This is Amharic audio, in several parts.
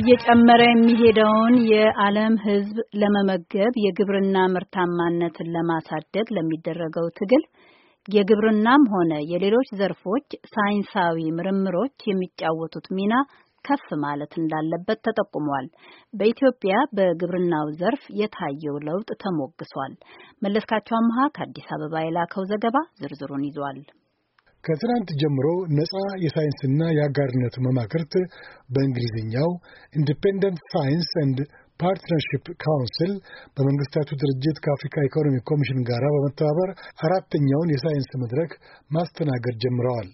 እየጨመረ የሚሄደውን የዓለም ሕዝብ ለመመገብ የግብርና ምርታማነትን ለማሳደግ ለሚደረገው ትግል የግብርናም ሆነ የሌሎች ዘርፎች ሳይንሳዊ ምርምሮች የሚጫወቱት ሚና ከፍ ማለት እንዳለበት ተጠቁሟል። በኢትዮጵያ በግብርናው ዘርፍ የታየው ለውጥ ተሞግሷል። መለስካቸው አምሃ ከአዲስ አበባ የላከው ዘገባ ዝርዝሩን ይዟል። ከትናንት ጀምሮ ነፃ የሳይንስና የአጋርነት መማክርት በእንግሊዝኛው ኢንዲፔንደንት ሳይንስ ኤንድ ፓርትነርሽፕ ካውንስል በመንግስታቱ ድርጅት ከአፍሪካ ኢኮኖሚ ኮሚሽን ጋር በመተባበር አራተኛውን የሳይንስ መድረክ ማስተናገድ ጀምረዋል።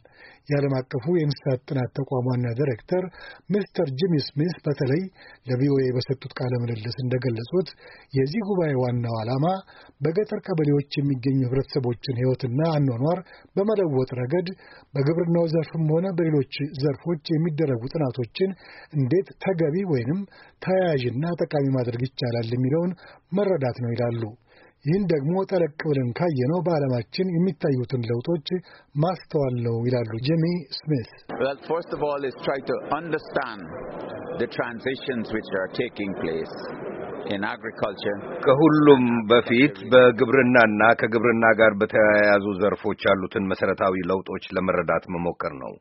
የዓለም አቀፉ የእንስሳት ጥናት ተቋም ዋና ዲሬክተር ሚስተር ጂሚ ስሚስ በተለይ ለቪኦኤ በሰጡት ቃለ ምልልስ እንደገለጹት የዚህ ጉባኤ ዋናው ዓላማ በገጠር ቀበሌዎች የሚገኙ ህብረተሰቦችን ህይወትና አኗኗር በመለወጥ ረገድ በግብርናው ዘርፍም ሆነ በሌሎች ዘርፎች የሚደረጉ ጥናቶችን እንዴት ተገቢ ወይንም ተያያዥና ጠቃሚ ማድረግ ይቻላል የሚለውን መረዳት ነው ይላሉ። ይህን ደግሞ ጠለቅ ብለን ካየነው በዓለማችን የሚታዩትን ለውጦች ማስተዋል ነው ይላሉ ጄሚ ስሚት። ከሁሉም በፊት በግብርናና ከግብርና ጋር በተያያዙ ዘርፎች ያሉትን መሰረታዊ ለውጦች ለመረዳት መሞከር ነው።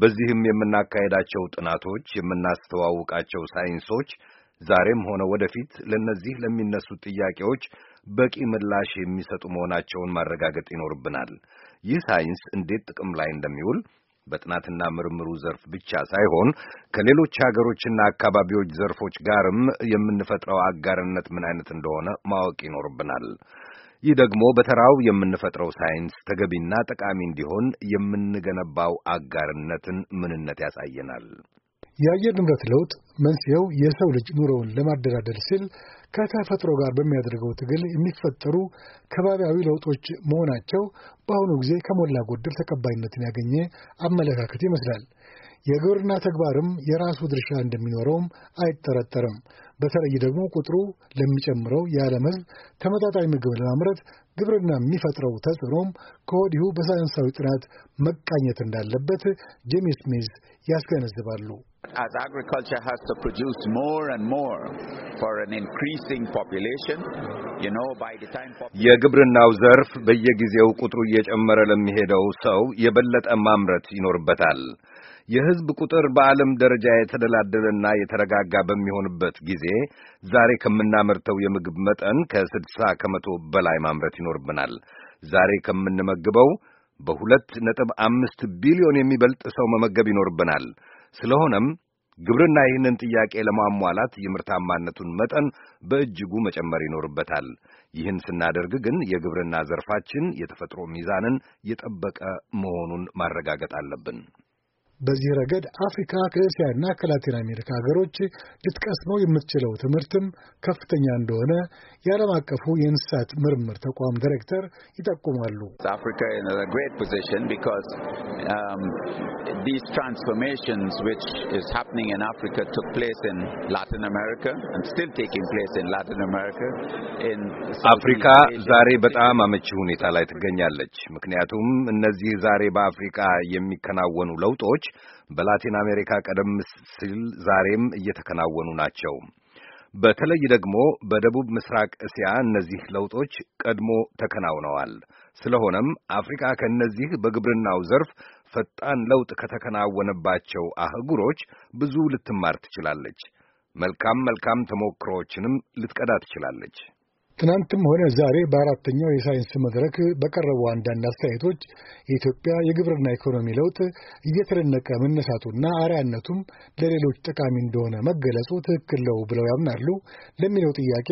በዚህም የምናካሄዳቸው ጥናቶች፣ የምናስተዋውቃቸው ሳይንሶች ዛሬም ሆነ ወደፊት ለእነዚህ ለሚነሱ ጥያቄዎች በቂ ምላሽ የሚሰጡ መሆናቸውን ማረጋገጥ ይኖርብናል። ይህ ሳይንስ እንዴት ጥቅም ላይ እንደሚውል በጥናትና ምርምሩ ዘርፍ ብቻ ሳይሆን ከሌሎች ሀገሮችና አካባቢዎች ዘርፎች ጋርም የምንፈጥረው አጋርነት ምን አይነት እንደሆነ ማወቅ ይኖርብናል። ይህ ደግሞ በተራው የምንፈጥረው ሳይንስ ተገቢና ጠቃሚ እንዲሆን የምንገነባው አጋርነትን ምንነት ያሳየናል። የአየር ንብረት ለውጥ መንስኤው የሰው ልጅ ኑሮውን ለማደራደር ሲል ከተፈጥሮ ጋር በሚያደርገው ትግል የሚፈጠሩ ከባቢያዊ ለውጦች መሆናቸው በአሁኑ ጊዜ ከሞላ ጎደል ተቀባይነትን ያገኘ አመለካከት ይመስላል። የግብርና ተግባርም የራሱ ድርሻ እንደሚኖረውም አይጠረጠርም። በተለይ ደግሞ ቁጥሩ ለሚጨምረው የዓለም ሕዝብ ተመጣጣኝ ምግብ ለማምረት ግብርና የሚፈጥረው ተጽዕኖም ከወዲሁ በሳይንሳዊ ጥናት መቃኘት እንዳለበት ጄምስ ሚዝ ያስገነዝባሉ። የግብርናው ዘርፍ በየጊዜው ቁጥሩ እየጨመረ ለሚሄደው ሰው የበለጠ ማምረት ይኖርበታል። የህዝብ ቁጥር በዓለም ደረጃ የተደላደለና የተረጋጋ በሚሆንበት ጊዜ ዛሬ ከምናመርተው የምግብ መጠን ከስድሳ ከመቶ በላይ ማምረት ይኖርብናል። ዛሬ ከምንመግበው በሁለት ነጥብ አምስት ቢሊዮን የሚበልጥ ሰው መመገብ ይኖርብናል። ስለሆነም ግብርና ይህንን ጥያቄ ለማሟላት የምርታማነቱን መጠን በእጅጉ መጨመር ይኖርበታል። ይህን ስናደርግ ግን የግብርና ዘርፋችን የተፈጥሮ ሚዛንን የጠበቀ መሆኑን ማረጋገጥ አለብን። በዚህ ረገድ አፍሪካ ከእስያና ከላቲን አሜሪካ ሀገሮች ልትቀስመው የምትችለው ትምህርትም ከፍተኛ እንደሆነ የዓለም አቀፉ የእንስሳት ምርምር ተቋም ዲሬክተር ይጠቁማሉ። um, አፍሪካ ዛሬ በጣም አመቺ ሁኔታ ላይ ትገኛለች። ምክንያቱም እነዚህ ዛሬ በአፍሪካ የሚከናወኑ ለውጦች በላቲን አሜሪካ ቀደም ሲል ዛሬም እየተከናወኑ ናቸው። በተለይ ደግሞ በደቡብ ምስራቅ እስያ እነዚህ ለውጦች ቀድሞ ተከናውነዋል። ስለሆነም አፍሪካ ከእነዚህ በግብርናው ዘርፍ ፈጣን ለውጥ ከተከናወነባቸው አህጉሮች ብዙ ልትማር ትችላለች። መልካም መልካም ተሞክሮዎችንም ልትቀዳ ትችላለች። ትናንትም ሆነ ዛሬ በአራተኛው የሳይንስ መድረክ በቀረቡ አንዳንድ አስተያየቶች የኢትዮጵያ የግብርና ኢኮኖሚ ለውጥ እየተደነቀ መነሳቱና አርያነቱም ለሌሎች ጠቃሚ እንደሆነ መገለጹ ትክክል ነው ብለው ያምናሉ ለሚለው ጥያቄ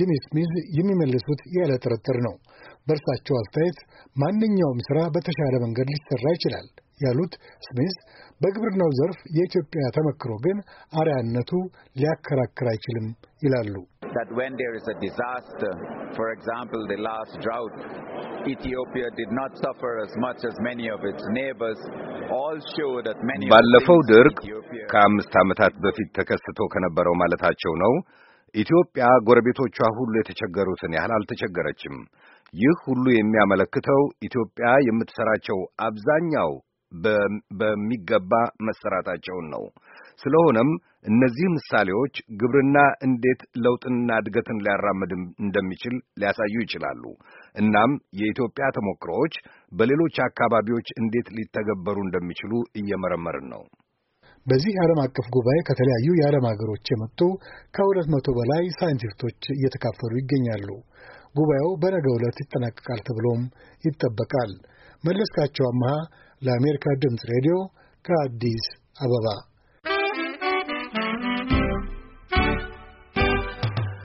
ጂሚ ስሚዝ የሚመልሱት ያለ ጥርጥር ነው። በእርሳቸው አስተያየት ማንኛውም ሥራ በተሻለ መንገድ ሊሰራ ይችላል ያሉት ስሚዝ በግብርናው ዘርፍ የኢትዮጵያ ተመክሮ ግን አርያነቱ ሊያከራክር አይችልም ይላሉ። that when there is a disaster, for example, the last drought, Ethiopia did not suffer as much as many of its neighbors. All show that many ባለፈው ድርቅ ከአምስት ዓመታት በፊት ተከስቶ ከነበረው ማለታቸው ነው። ኢትዮጵያ ጎረቤቶቿ ሁሉ የተቸገሩትን ያህል አልተቸገረችም። ይህ ሁሉ የሚያመለክተው ኢትዮጵያ የምትሰራቸው አብዛኛው በሚገባ መሰራታቸውን ነው። ስለሆነም እነዚህ ምሳሌዎች ግብርና እንዴት ለውጥንና እድገትን ሊያራምድ እንደሚችል ሊያሳዩ ይችላሉ። እናም የኢትዮጵያ ተሞክሮዎች በሌሎች አካባቢዎች እንዴት ሊተገበሩ እንደሚችሉ እየመረመርን ነው። በዚህ ዓለም አቀፍ ጉባኤ ከተለያዩ የዓለም ሀገሮች የመጡ ከሁለት መቶ በላይ ሳይንቲስቶች እየተካፈሉ ይገኛሉ። ጉባኤው በነገ ዕለት ይጠናቀቃል ተብሎም ይጠበቃል። መለስካቸው አመሃ ለአሜሪካ ድምፅ ሬዲዮ ከአዲስ አበባ